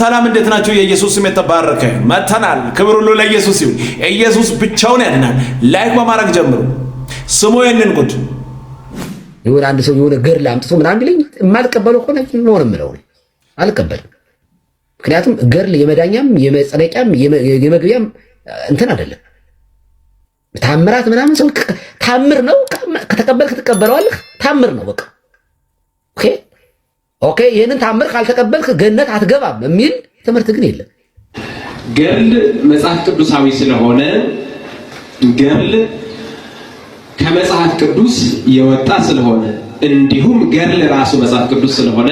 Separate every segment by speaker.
Speaker 1: ሰላም እንዴት ናቸው? የኢየሱስ ስም የተባረከ መተናል። ክብር ሁሉ ለኢየሱስ ይሁን። ኢየሱስ ብቻውን ያድናል። ላይክ በማድረግ ጀምሩ። ስሙ ይህንን ጉድ
Speaker 2: የሆነ አንድ ሰው የሆነ ገር ላምጥቶ ምናምን ቢለኝ የማልቀበለው ከሆነ ኖር ምለው አልቀበልም። ምክንያቱም ገር የመዳኛም የመጸለቂያም የመግቢያም እንትን አይደለም። ታምራት ምናምን ሰው ታምር ነው ከተቀበልክ ትቀበለዋለህ። ታምር ነው በቃ ኦኬ ኦኬ ይህንን ታምር ካልተቀበልክ ገነት አትገባም የሚል ትምህርት ግን የለም።
Speaker 3: ገድል መጽሐፍ ቅዱሳዊ ስለሆነ ገድል ከመጽሐፍ ቅዱስ የወጣ ስለሆነ እንዲሁም ገድል ራሱ መጽሐፍ ቅዱስ ስለሆነ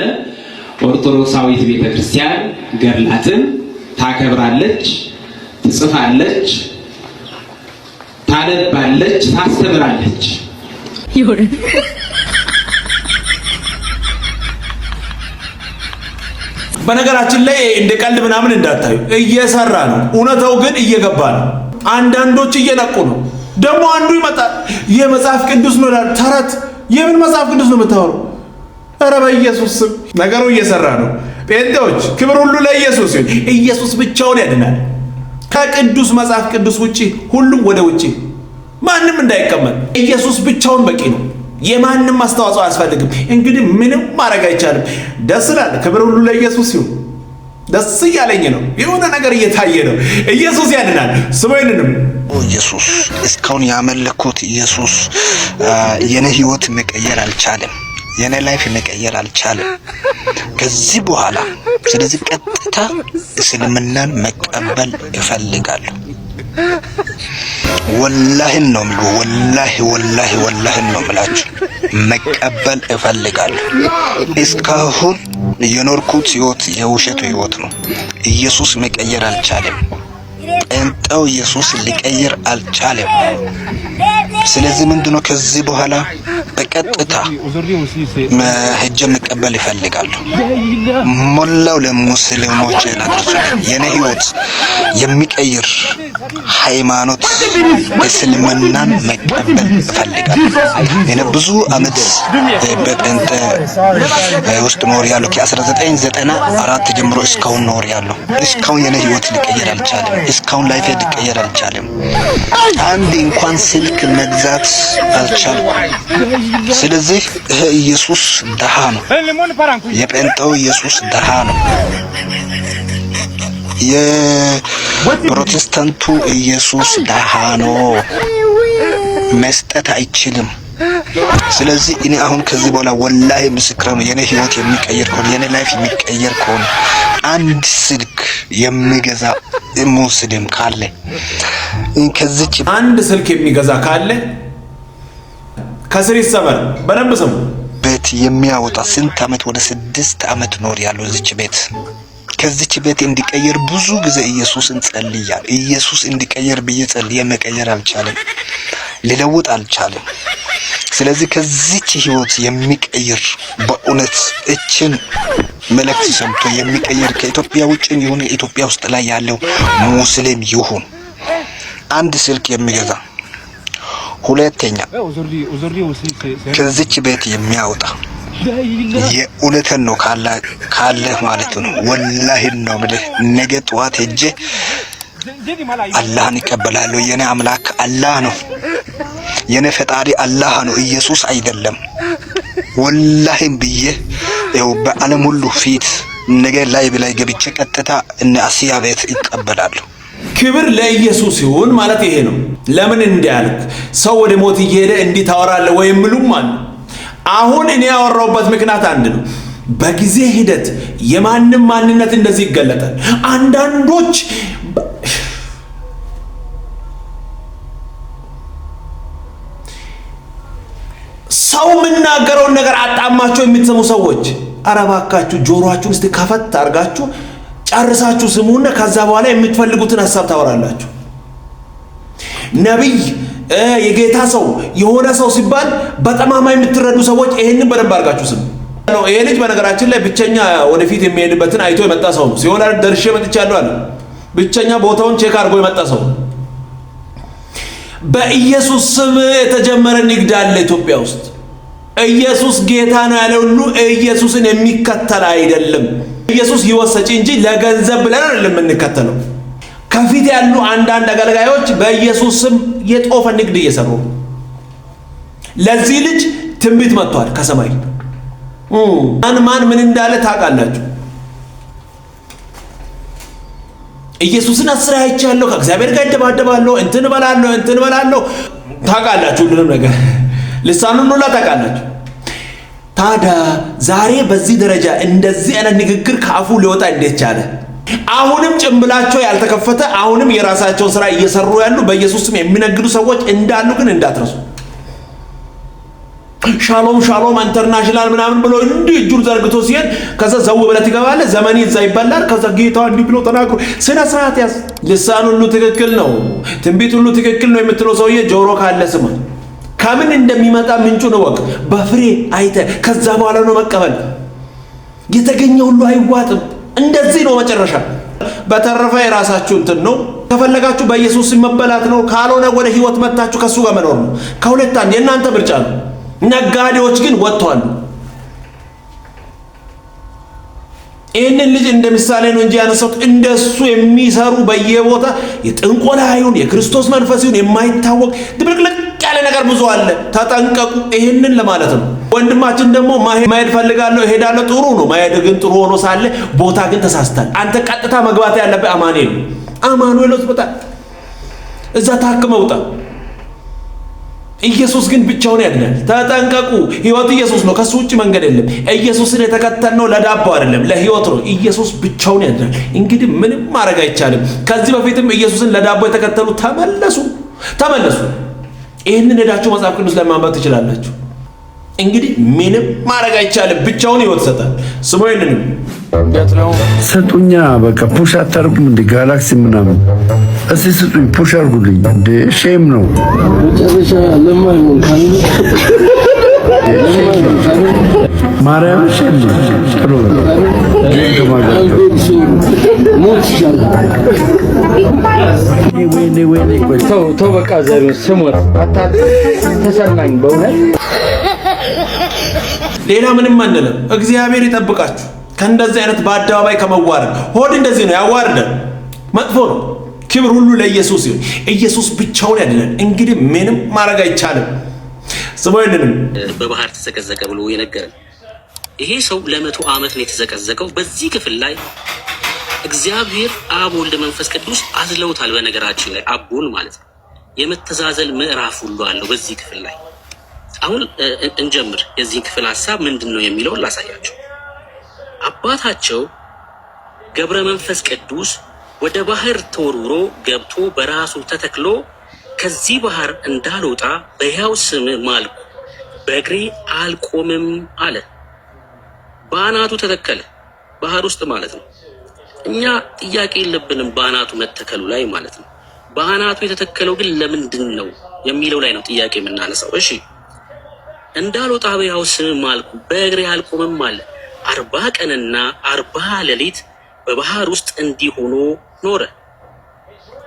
Speaker 3: ኦርቶዶክሳዊት ቤተ ክርስቲያን ገድላትን ታከብራለች፣ ትጽፋለች፣ ታነባለች፣ ታስተምራለች።
Speaker 1: በነገራችን ላይ እንደ ቀልድ ምናምን እንዳታዩ፣ እየሰራ ነው። እውነታው ግን እየገባ ነው። አንዳንዶች እየነቁ ነው። ደግሞ አንዱ ይመጣል የመጽሐፍ ቅዱስ ነው ላል ተረት የምን መጽሐፍ ቅዱስ ነው የምታወሩ? ኧረ በኢየሱስ ስም ነገሩ እየሰራ ነው። ጴንጤዎች ክብር ሁሉ ለኢየሱስ ይሁን። ኢየሱስ ብቻውን ያድናል። ከቅዱስ መጽሐፍ ቅዱስ ውጪ ሁሉም ወደ ውጪ ማንም እንዳይቀመጥ ኢየሱስ ብቻውን በቂ ነው። የማንም አስተዋጽኦ አያስፈልግም። እንግዲህ ምንም ማድረግ አይቻልም። ደስ ይላል። ክብር ሁሉ ለኢየሱስ ይሁን። ደስ እያለኝ ነው። የሆነ ነገር እየታየ ነው። ኢየሱስ ያድናል። ስሙ
Speaker 4: ኢየሱስ እስካሁን ያመለኩት ኢየሱስ የኔ ህይወት መቀየር አልቻለም። የኔ ላይፍ መቀየር አልቻለም ከዚህ በኋላ። ስለዚህ ቀጥታ እስልምናን መቀበል እፈልጋለሁ። ወላህን ነው የምልህ። ወላህ ወላህ ወላህን ነው ምላችሁ መቀበል እፈልጋለሁ። እስካሁን የኖርኩት ህይወት የውሸቱ ህይወት ነው። ኢየሱስ መቀየር አልቻለም። ጴንጤው ኢየሱስ ሊቀይር አልቻለም። ስለዚህ ምንድነው ከዚህ በኋላ በቀጥታ ሄጄ መቀበል ይፈልጋሉ። ሞላው ለሙስሊሞች ናደርሱ የኔ ህይወት የሚቀይር ሃይማኖት እስልምናን መቀበል እፈልጋለሁ። እኔ ብዙ አመት በጴንጤ ውስጥ ኖር ያለሁ ከ1994 ጀምሮ እስካሁን ኖር ያለሁ። እስካሁን የኔ ህይወት ሊቀይር አልቻለም። እስካሁን ላይፍ ሊቀየር አልቻለም። አንድ እንኳን ስልክ መግዛት አልቻልኩም። ስለዚህ ይሄ ኢየሱስ ደሃ ነው። የጴንጤው ኢየሱስ ደሃ ነው። የፕሮቴስታንቱ ኢየሱስ ደሃ ነው። መስጠት አይችልም። ስለዚህ እኔ አሁን ከዚህ በኋላ ወላሂ ምስክር ነው። የኔ ህይወት የሚቀየር ከሆነ የኔ ላይፍ የሚቀየር ከሆነ አንድ ስልክ የሚገዛ ሙስሊም ካለ ከዚች
Speaker 1: አንድ ስልክ የሚገዛ ካለ ከስር ይሰበር። በደንብ ስሙ።
Speaker 4: ቤት የሚያወጣ ስንት አመት ወደ ስድስት አመት ኖር ያለው እዚች ቤት ከዚች ቤት እንዲቀየር ብዙ ጊዜ ኢየሱስ እንጸልያል። ኢየሱስ እንዲቀየር ብዬ ጸልየ መቀየር አልቻለም፣ ሊለውጥ አልቻለም። ስለዚህ ከዚች ህይወት የሚቀይር በእውነት እችን መልእክት ሰምቶ የሚቀይር ከኢትዮጵያ ውጭም ይሁን ኢትዮጵያ ውስጥ ላይ ያለው ሙስሊም ይሁን አንድ ስልክ የሚገዛ ሁለተኛ ከዚች ቤት የሚያወጣ የእውነትን ነው ካለ ማለት ነው። ወላሂን ነው የምልህ። ነገ ጠዋት ሄጄ አላህን ይቀበላለሁ። የኔ አምላክ አላህ ነው። የኔ ፈጣሪ አላህ ነው ኢየሱስ አይደለም። ወላሂም ብዬ ይኸው በዓለም ሁሉ ፊት ነገ ላይ ብላይ ገብቼ ቀጥታ እነ አስያ ቤት ይቀበላሉ።
Speaker 1: ክብር ለኢየሱስ ይሁን ማለት ይሄ ነው። ለምን እንዲያልክ ሰው ወደ ሞት እየሄደ እንዲህ ታወራለህ ወይም ምሉም አለ። አሁን እኔ ያወራሁበት ምክንያት አንድ ነው። በጊዜ ሂደት የማንም ማንነት እንደዚህ ይገለጣል። አንዳንዶች ሰው የምናገረውን ነገር አጣማቸው የምትሰሙ ሰዎች አረባካችሁ ጆሮአችሁን እስቲ ከፈት አድርጋችሁ ጨርሳችሁ ስሙና ከዛ በኋላ የምትፈልጉትን ሀሳብ ታወራላችሁ። ነቢይ፣ የጌታ ሰው የሆነ ሰው ሲባል በጠማማ የምትረዱ ሰዎች ይህንን በደንብ አድርጋችሁ ስሙ። ይሄ ልጅ በነገራችን ላይ ብቸኛ ወደፊት የሚሄድበትን አይቶ የመጣ ሰው ነው። ሲሆን ደርሼ መጥቻለሁ አለ። ብቸኛ ቦታውን ቼክ አድርጎ የመጣ ሰው በኢየሱስ ስም የተጀመረ ንግድ አለ ኢትዮጵያ ውስጥ። ኢየሱስ ጌታ ነው ያለ ሁሉ ኢየሱስን የሚከተል አይደለም። ኢየሱስ ሕይወት ሰጪ እንጂ ለገንዘብ ብለን አይደለም የምንከተለው። ከፊት ያሉ አንዳንድ አገልጋዮች በኢየሱስ ስም የጦፈ ንግድ እየሰሩ ለዚህ ልጅ ትንቢት መጥቷል ከሰማይ ማን ማን ምን እንዳለ ታውቃላችሁ? ኢየሱስን አስራ አይቻለሁ፣ ከእግዚአብሔር ጋር ይደባደባለሁ፣ እንትን እበላለሁ፣ እንትን እበላለሁ። ታውቃላችሁ ሁሉንም ነገር ልሳኑን ሁላ ታውቃላችሁ። ታዲያ ዛሬ በዚህ ደረጃ እንደዚህ አይነት ንግግር ከአፉ ሊወጣ እንዴት ቻለ? አሁንም ጭምብላቸው ያልተከፈተ አሁንም የራሳቸውን ስራ እየሰሩ ያሉ በኢየሱስም የሚነግዱ ሰዎች እንዳሉ ግን እንዳትረሱ። ሻሎም ሻሎም ኢንተርናሽናል ምናምን ብሎ እንዲህ እጁን ዘርግቶ ሲሄድ ከዛ ዘው ብለህ ትገባለህ። ዘመኔ እዛ ይባላል። ከዛ ጌታ እንዲህ ብሎ ተናግሮ ስነ ስርዓት ያዝ። ልሳን ሁሉ ትክክል ነው፣ ትንቢት ሁሉ ትክክል ነው የምትለው ሰውዬ ጆሮ ካለ ስማ። ከምን እንደሚመጣ ምንጩን እወቅ። በፍሬ አይተ ከዛ በኋላ ነው መቀበል። የተገኘ ሁሉ አይዋጥም። እንደዚህ ነው መጨረሻ። በተረፈ የራሳችሁ እንትን ነው። ከፈለጋችሁ በኢየሱስ መበላት ነው፣ ካልሆነ ወደ ህይወት መታችሁ ከእሱ ጋር መኖር ነው። ከሁለት አንድ የእናንተ ምርጫ ነው። ነጋዴዎች ግን ወጥተዋል። ይህንን ልጅ እንደ ምሳሌ ነው እንጂ ያነሳሁት እንደሱ የሚሰሩ በየቦታ የጥንቆላ ይሁን የክርስቶስ መንፈስ ይሁን የማይታወቅ ድብልቅልቅ ያለ ነገር ብዙ አለ። ተጠንቀቁ። ይህንን ለማለት ነው። ወንድማችን ደግሞ መሄድ ፈልጋለሁ እሄዳለሁ፣ ጥሩ ነው መሄድ። ግን ጥሩ ሆኖ ሳለ ቦታ ግን ተሳስታል። አንተ ቀጥታ መግባት ያለበት አማኑኤል ነው። አማኑኤል ሆስፒታል እዛ ታክመውጣ ኢየሱስ ግን ብቻውን ያድናል። ተጠንቀቁ። ህይወት ኢየሱስ ነው፣ ከሱ ውጭ መንገድ የለም። ኢየሱስን የተከተልነው ለዳቦ አይደለም፣ ለህይወት ነው። ኢየሱስ ብቻውን ያድናል። እንግዲህ ምንም ማድረግ አይቻልም። ከዚህ በፊትም ኢየሱስን ለዳቦ የተከተሉ ተመለሱ፣ ተመለሱ። ይህንን ሄዳችሁ መጽሐፍ ቅዱስ ላይ ማንበብ ትችላላችሁ። እንግዲህ ምንም ማድረግ አይቻልም። ብቻውን ህይወት ይሰጣል። ስሙ ይህንንም
Speaker 5: ስጡኛ። በቃ ፑሽ አታርቁም እንዴ? ጋላክሲ ምናምን እስቲ ስጡኝ፣ ፑሽ አርጉልኝ እንዴ። ሼም ነው ማርያም፣ ነው።
Speaker 1: ሌላ ምንም አንልም። እግዚአብሔር ይጠብቃችሁ። ከእንደዚህ አይነት በአደባባይ ከመዋረድ ሆድ እንደዚህ ነው ያዋርዳል። መጥፎ ነው። ክብር ሁሉ ለኢየሱስ ይሁን። ኢየሱስ ብቻውን ያድናል። እንግዲህ ምንም ማድረግ አይቻልም። ስቦይልንም
Speaker 6: በባህር ተዘቀዘቀ ብሎ የነገረን ይሄ ሰው ለመቶ ዓመት ነው የተዘቀዘቀው። በዚህ ክፍል ላይ እግዚአብሔር አብ፣ ወልድ፣ መንፈስ ቅዱስ አዝለውታል። በነገራችን ላይ አቡን ማለት ነው የመተዛዘል ምዕራፍ ሁሉ አለው በዚህ ክፍል ላይ። አሁን እንጀምር። የዚህን ክፍል ሀሳብ ምንድን ነው የሚለውን ላሳያቸው። አባታቸው ገብረ መንፈስ ቅዱስ ወደ ባህር ተወርውሮ ገብቶ በራሱ ተተክሎ ከዚህ ባህር እንዳልወጣ በሕያው ስም ማልኩ፣ በእግሬ አልቆምም አለ። በአናቱ ተተከለ። ባህር ውስጥ ማለት ነው። እኛ ጥያቄ የለብንም በአናቱ መተከሉ ላይ ማለት ነው። በአናቱ የተተከለው ግን ለምንድን ነው የሚለው ላይ ነው ጥያቄ የምናነሳው። እሺ እንዳልወጣ በሕያው ስም ማልኩ፣ በእግሬ አልቆምም አለ። አርባ ቀንና አርባ ሌሊት በባህር ውስጥ እንዲሆኑ ኖረ።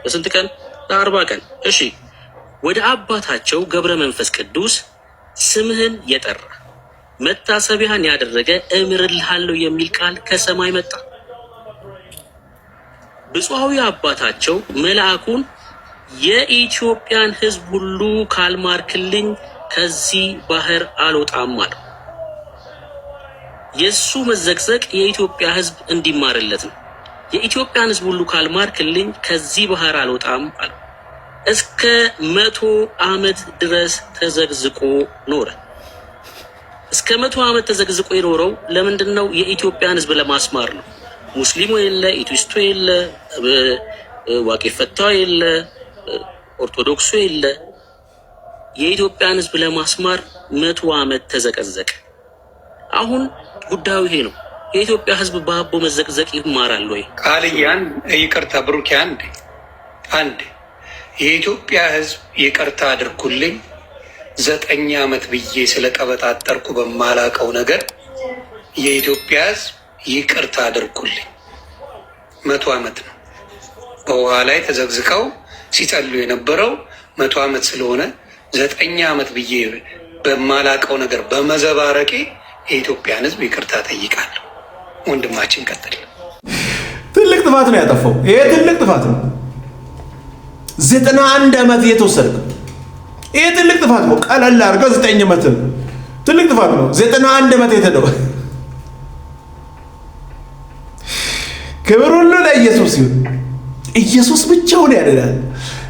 Speaker 6: ለስንት ቀን? ለአርባ ቀን። እሺ ወደ አባታቸው ገብረ መንፈስ ቅዱስ ስምህን የጠራ መታሰቢያን ያደረገ እምርልሃለሁ የሚል ቃል ከሰማይ መጣ። ብፁዓዊ አባታቸው መልአኩን የኢትዮጵያን ሕዝብ ሁሉ ካልማርክልኝ ከዚህ ባህር አልወጣም አለው። የእሱ መዘቅዘቅ የኢትዮጵያ ህዝብ እንዲማርለት ነው። የኢትዮጵያን ሕዝብ ሁሉ ካልማርክልኝ ከዚህ ባህር አልወጣም አለ። እስከ መቶ ዓመት ድረስ ተዘግዝቆ ኖረ። እስከ መቶ ዓመት ተዘግዝቆ የኖረው ለምንድን ነው? የኢትዮጵያን ህዝብ ለማስማር ነው። ሙስሊሙ የለ፣ ኢትዊስቱ የለ፣ ዋቄ ፈታው የለ፣ ኦርቶዶክሱ የለ። የኢትዮጵያን ህዝብ ለማስማር መቶ ዓመት ተዘቀዘቀ። አሁን ጉዳዩ ይሄ ነው። የኢትዮጵያ ህዝብ በአቦ መዘቅዘቅ ይማራል ወይ?
Speaker 7: ቃልያን ይቅርታ፣ ብሩኬ አንድ አንድ የኢትዮጵያ ህዝብ ይቅርታ አድርጉልኝ። ዘጠኝ ዓመት ብዬ ስለቀበጣጠርኩ በማላቀው ነገር የኢትዮጵያ ህዝብ ይቅርታ አድርጉልኝ። መቶ ዓመት ነው በውሃ ላይ ተዘግዝቀው ሲጸሉ የነበረው መቶ ዓመት ስለሆነ ዘጠኝ ዓመት ብዬ በማላቀው ነገር በመዘባረቄ የኢትዮጵያን ህዝብ ይቅርታ ጠይቃለሁ። ወንድማችን ቀጥል።
Speaker 1: ትልቅ ጥፋት ነው ያጠፋው። ይሄ ትልቅ ጥፋት ነው። ዘጠና አንድ ዓመት እየተወሰደ ይሄ ትልቅ ጥፋት ነው። ቀለል አድርገው ዘጠኝ ዓመት ትልቅ ጥፋት ነው። ዘጠና አንድ ዓመት የተደው ክብር ሁሉ ለኢየሱስ ይሁን። ኢየሱስ ብቻውን ያደላል።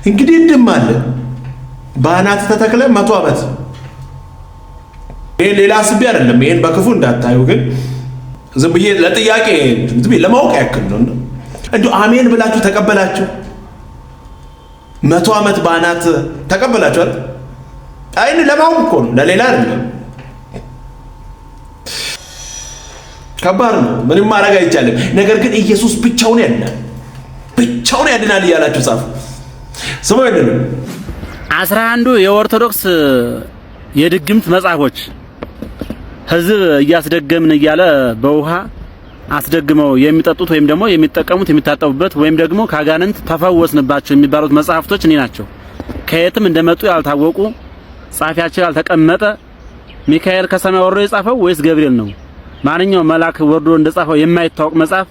Speaker 1: እንግዲህ እንድማለን በአናት ተተክለ መቶ ዓመት ይሄን ሌላ አስቤ አይደለም። ይሄን በክፉ እንዳታዩ ግን ዝም ብዬ ለጥያቄ ለማወቅ ያክል ነው። እንዲሁ አሜን ብላችሁ ተቀበላችሁ። መቶ ዓመት ባናት ተቀበላችኋል። አይን ለማወቅ እኮ ነው፣ ለሌላ አይደለም። ከባድ ነው። ምንም ማድረግ አይቻልም። ነገር ግን ኢየሱስ ብቻውን ያድናል፣ ብቻውን ያድናል እያላችሁ ጻፉ። ስሙ ይደለም
Speaker 8: አስራ አንዱ የኦርቶዶክስ የድግምት መጽሐፎች ህዝብ እያስደገምን እያለ በውሃ አስደግመው የሚጠጡት ወይም ደግሞ የሚጠቀሙት የሚታጠቡበት ወይም ደግሞ ከአጋንንት ተፈወስንባቸው የሚባሉት መጽሐፍቶች እኔ ናቸው። ከየትም እንደመጡ ያልታወቁ ጻፊያቸው ያልተቀመጠ ሚካኤል ከሰማይ ወርዶ የጻፈው ወይስ ገብርኤል ነው? ማንኛው መልአክ ወርዶ እንደጻፈው የማይታወቅ መጽሐፍ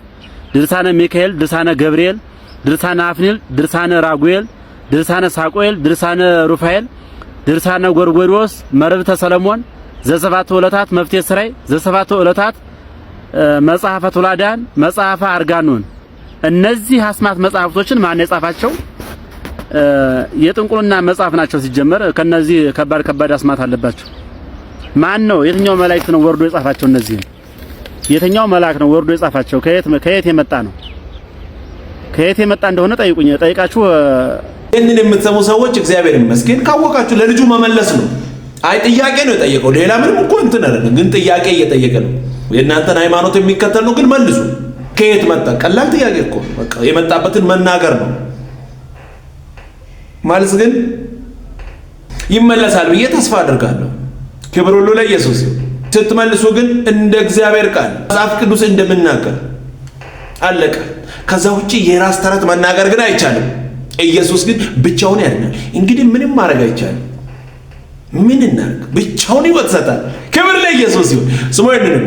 Speaker 8: ድርሳነ ሚካኤል፣ ድርሳነ ገብርኤል፣ ድርሳነ አፍኒል፣ ድርሳነ ራጉኤል፣ ድርሳነ ሳቆኤል፣ ድርሳነ ሩፋኤል፣ ድርሳነ ጎርጎሪዎስ፣ መርብተ ሰለሞን ዘሰባቱ ዕለታት መፍትሔ ስራይ ዘሰባቱ ዕለታት መጽሐፈ ቱላዳን መጽሐፈ አርጋኑን እነዚህ አስማት መጽሐፍቶችን ማን የጻፋቸው? የጥንቁልና መጽሐፍ ናቸው። ሲጀመር ከነዚህ ከባድ ከባድ አስማት አለባቸው። ማን ነው? የትኛው መላእክት ነው ወርዶ የጻፋቸው? እነዚህ የትኛው መልአክ ነው ወርዶ የጻፋቸው? ከየት ከየት የመጣ ነው? ከየት የመጣ እንደሆነ ጠይቁኝ፣ ጠይቃችሁ
Speaker 1: ይህንን የምትሰሙ ሰዎች እግዚአብሔር ይመስገን ካወቃችሁ ለልጁ መመለስ ነው። አይ ጥያቄ ነው የጠየቀው። ሌላ ምንም እኮ እንትን አይደለም፣ ግን ጥያቄ እየጠየቀ ነው። የእናንተን ሃይማኖት የሚከተል ነው ግን መልሱ ከየት መጣ? ቀላል ጥያቄ እኮ በቃ የመጣበትን መናገር ነው። መልስ ግን ይመለሳል ብዬ ተስፋ አድርጋለሁ። ክብር ሁሉ ለኢየሱስ። ስትመልሱ ግን እንደ እግዚአብሔር ቃል መጽሐፍ ቅዱስ እንደምናገር አለቀ። ከዛ ውጭ የራስ ተረት መናገር ግን አይቻልም። ኢየሱስ ግን ብቻውን ያድናል። እንግዲህ ምንም ማድረግ አይቻልም። ምን እናርግ? ብቻውን ይወቅሳታል። ክብር ለኢየሱስ ይሁን። ስሙ ይንንም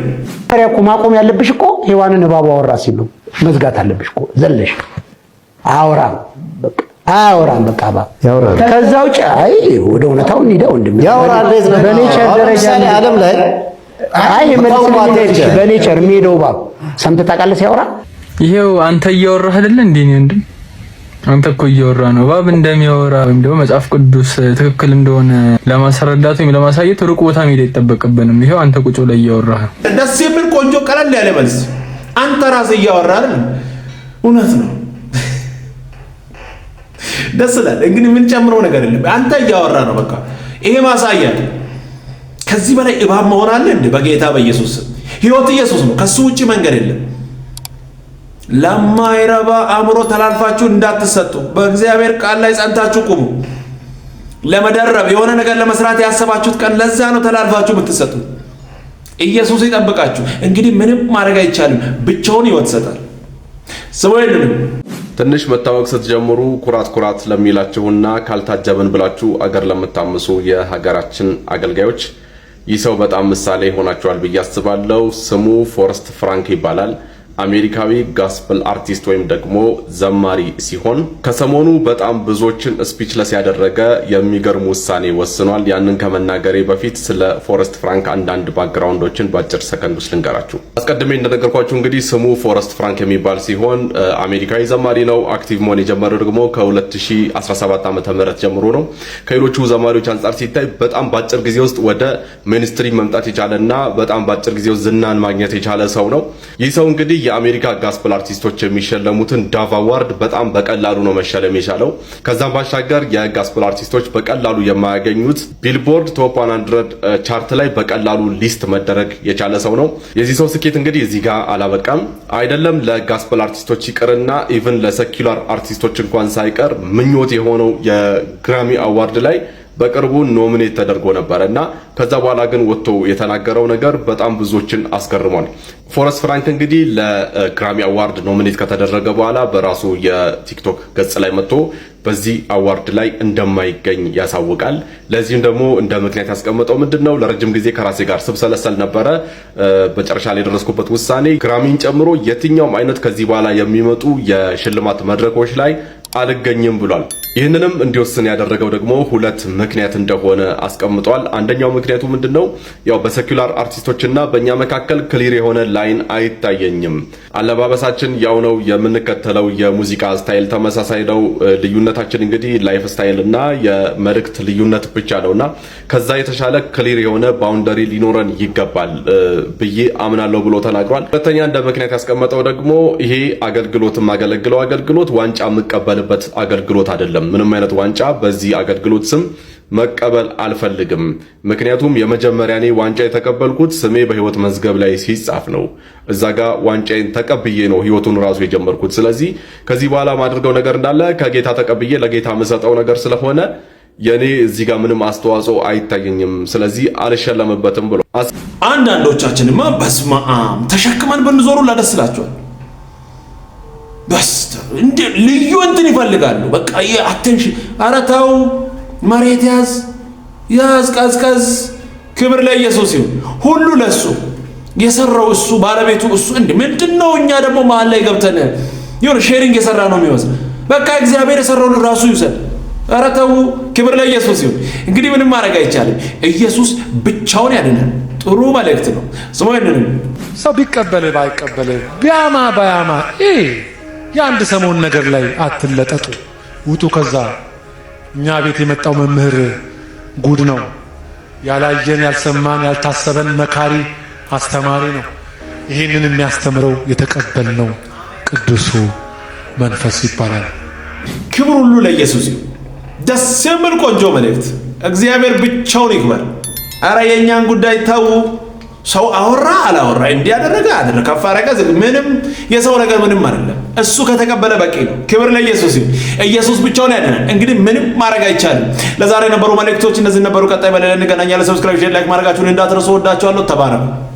Speaker 9: ታዲያ ማቆም ያለብሽ እኮ ሔዋንን እባቡ አወራ ሲሉ መዝጋት አለብሽ እኮ ዘለሽ አወራም በቃ አያወራም በቃ ባ ያወራል። ከዛ ውጭ አይ ወደ እውነታው እንሂዳ ወንድም
Speaker 10: ያወራል። በኔቸር ደረጃ ነው ዓለም ላይ አይ መልስ በኔቸር የሚሄደው እባብ ሰምተህ ታውቃለህ ሲያወራ።
Speaker 11: ይሄው አንተ እያወራህ አይደለ እንዴ? ነው ወንድም አንተ እኮ እየወራ ነው እባብ እንደሚያወራ ወይም ደግሞ መጽሐፍ ቅዱስ ትክክል እንደሆነ ለማስረዳት ወይም ለማሳየት ሩቅ ቦታ መሄድ አይጠበቅብንም። ይሄው አንተ ቁጭ ብለህ እያወራህ
Speaker 1: ደስ የሚል ቆንጆ ቀለል ያለ መልስ አንተ ራስህ እያወራህ አይደል? እውነት ነው። ደስ ይላል። እንግዲህ የምንጨምረው ነገር የለም። አንተ እያወራህ ነው። በቃ ይሄ ማሳያ ከዚህ በላይ እባብ መሆን አለ እንዴ? በጌታ በኢየሱስ ህይወት ኢየሱስ ነው። ከሱ ውጪ መንገድ የለም። ለማይረባ አእምሮ ተላልፋችሁ እንዳትሰጡ። በእግዚአብሔር ቃል ላይ ጸንታችሁ ቁሙ። ለመደረብ የሆነ ነገር ለመስራት ያሰባችሁት ቀን ለዛ ነው ተላልፋችሁ የምትሰጡ። ኢየሱስ ይጠብቃችሁ። እንግዲህ ምንም ማድረግ አይቻልም። ብቻውን ይወት ይሰጣል። ስሙ
Speaker 12: ትንሽ መታወቅ ስትጀምሩ ኩራት ኩራት ለሚላችሁና ካልታጀብን ብላችሁ አገር ለምታምሱ የሀገራችን አገልጋዮች ይህ ሰው በጣም ምሳሌ ሆናችኋል ብዬ አስባለሁ። ስሙ ፎረስት ፍራንክ ይባላል። አሜሪካዊ ጋስፕል አርቲስት ወይም ደግሞ ዘማሪ ሲሆን ከሰሞኑ በጣም ብዙዎችን ስፒችለስ ያደረገ የሚገርም ውሳኔ ወስኗል። ያንን ከመናገሬ በፊት ስለ ፎረስት ፍራንክ አንዳንድ ባክግራውንዶችን በአጭር ሰከንድ ውስጥ ልንገራችሁ። አስቀድሜ እንደነገርኳችሁ እንግዲህ ስሙ ፎረስት ፍራንክ የሚባል ሲሆን አሜሪካዊ ዘማሪ ነው። አክቲቭ መሆን የጀመረው ደግሞ ከ2017 ዓ ም ጀምሮ ነው። ከሌሎቹ ዘማሪዎች አንጻር ሲታይ በጣም በአጭር ጊዜ ውስጥ ወደ ሚኒስትሪ መምጣት የቻለ እና በጣም በአጭር ጊዜ ውስጥ ዝናን ማግኘት የቻለ ሰው ነው። ይህ ሰው እንግዲህ የአሜሪካ ጋስፕል አርቲስቶች የሚሸለሙትን ዳቭ አዋርድ በጣም በቀላሉ ነው መሸለም የቻለው። ከዛም ባሻገር የጋስፕል አርቲስቶች በቀላሉ የማያገኙት ቢልቦርድ ቶፕ 100 ቻርት ላይ በቀላሉ ሊስት መደረግ የቻለ ሰው ነው። የዚህ ሰው ስኬት እንግዲህ እዚህ ጋር አላበቃም። አይደለም ለጋስፕል አርቲስቶች ይቅርና ኢቭን ለሰኪላር አርቲስቶች እንኳን ሳይቀር ምኞት የሆነው የግራሚ አዋርድ ላይ በቅርቡ ኖሚኔት ተደርጎ ነበረ እና ከዛ በኋላ ግን ወጥቶ የተናገረው ነገር በጣም ብዙዎችን አስገርሟል። ፎረስት ፍራንክ እንግዲህ ለግራሚ አዋርድ ኖሚኔት ከተደረገ በኋላ በራሱ የቲክቶክ ገጽ ላይ መጥቶ በዚህ አዋርድ ላይ እንደማይገኝ ያሳውቃል። ለዚህም ደግሞ እንደ ምክንያት ያስቀመጠው ምንድን ነው? ለረጅም ጊዜ ከራሴ ጋር ስብሰለሰል ነበረ። መጨረሻ ላይ የደረስኩበት ውሳኔ ግራሚን ጨምሮ የትኛውም አይነት ከዚህ በኋላ የሚመጡ የሽልማት መድረኮች ላይ አልገኝም ብሏል። ይህንንም እንዲወስን ያደረገው ደግሞ ሁለት ምክንያት እንደሆነ አስቀምጧል። አንደኛው ምክንያቱ ምንድን ነው? ያው በሰኪላር አርቲስቶችና በእኛ መካከል ክሊር የሆነ ላይን አይታየኝም። አለባበሳችን ያው ነው፣ የምንከተለው የሙዚቃ ስታይል ተመሳሳይ ነው። ልዩነታችን እንግዲህ ላይፍ ስታይል እና የመልእክት ልዩነት ብቻ እና ከዛ የተሻለ ክሊር የሆነ ባውንደሪ ሊኖረን ይገባል ብዬ አምናለሁ ብሎ ተናግሯል። ሁለተኛ እንደ ምክንያት ያስቀመጠው ደግሞ ይሄ አገልግሎት የማገለግለው አገልግሎት ዋንጫ የምቀበል የሚቻልበት አገልግሎት አይደለም። ምንም አይነት ዋንጫ በዚህ አገልግሎት ስም መቀበል አልፈልግም። ምክንያቱም የመጀመሪያ እኔ ዋንጫ የተቀበልኩት ስሜ በህይወት መዝገብ ላይ ሲጻፍ ነው። እዛ ጋ ዋንጫዬን ተቀብዬ ነው ህይወቱን ራሱ የጀመርኩት። ስለዚህ ከዚህ በኋላ ማድርገው ነገር እንዳለ ከጌታ ተቀብዬ ለጌታ የምሰጠው ነገር ስለሆነ የኔ እዚህ ጋር ምንም አስተዋጽኦ አይታየኝም። ስለዚህ አልሸለምበትም ብሎ
Speaker 1: አንዳንዶቻችንማ በስመ አብ ተሸክመን ብንዞሩ ላደስላቸዋል በስተ ልዩ እንትን ይፈልጋሉ። በቃ አቴንሽን። ኧረ ተው መሬት ያዝ ያዝ፣ ቀዝቀዝ። ክብር ለኢየሱስ ይሁን። ሁሉ ለሱ የሰራው እሱ ባለቤቱ እሱ። እንዲህ ምንድን ነው እኛ ደግሞ መሀል ላይ ገብተን ይሁን ሼሪንግ የሰራ ነው የሚመስል። በቃ እግዚአብሔር የሰራውን ራሱ ይውሰድ። ኧረ ተው። ክብር ለኢየሱስ ይሁን። እንግዲህ ምንም ማድረግ አይቻልም። ኢየሱስ ብቻውን ያድናል። ጥሩ መልእክት ነው። ስሞ ይንንም
Speaker 13: ሰው ቢቀበልህ ባይቀበልህ ቢያማ ባያማ የአንድ ሰሞን ነገር ላይ አትለጠጡ። ውጡ ከዛ እኛ ቤት የመጣው መምህር ጉድ ነው። ያላየን ያልሰማን ያልታሰበን መካሪ አስተማሪ ነው። ይህንን የሚያስተምረው የተቀበልነው ቅዱሱ መንፈስ ይባላል።
Speaker 1: ክብር ሁሉ ለኢየሱስ ይሁን። ደስ የሚል ቆንጆ መልእክት። እግዚአብሔር ብቻውን ይክበር። አረ የእኛን ጉዳይ ተዉ። ሰው አወራ አላወራ እንዲያደረገ አደረ ከፍ አረገ ምንም የሰው ነገር ምንም አይደለም። እሱ ከተቀበለ በቂ ነው። ክብር ለኢየሱስ ይሁን። ኢየሱስ ብቻውን ያድናል። እንግዲህ ምንም ማድረግ አይቻልም። ለዛሬ የነበሩ መልእክቶች እነዚህ ነበሩ። ቀጣይ በሌላ እንገናኛለን። ሰብስክራይብ፣ ሼር፣ ላይክ ማድረጋችሁን እንዳትረሱ። ወዳችኋለሁ። ተባረኩ።